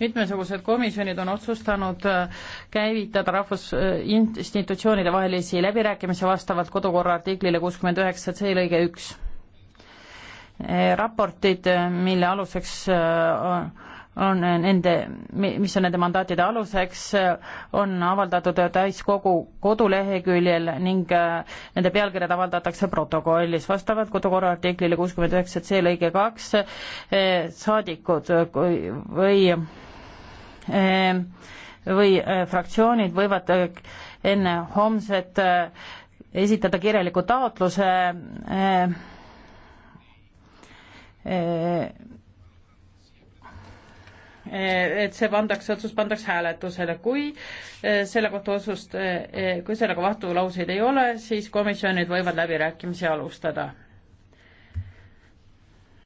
mitmesugused komisjonid on otsustanud äh, käivitada rahvus-, institutsioonide vahelisi läbirääkimisi vastavalt kodukorra artiklile kuuskümmend üheksa C lõige üks. Äh, raportid, äh, mille aluseks on, on nende, mis on nende mandaatide aluseks, on avaldatud täiskogu koduleheküljel ning nende pealkirjad avaldatakse protokollis. vastavalt kodukorra artiklile kuuskümmend üheksa C lõige kaks saadikud või Ehm, või äh, fraktsioonid võivad äh, enne homset äh, esitada kirjaliku taotluse ehm, ehm, et see pandakse, otsus pandakse hääletusele, kui selle kohta otsust, kui sellega vastulauseid ei ole, siis komisjonid võivad läbirääkimisi alustada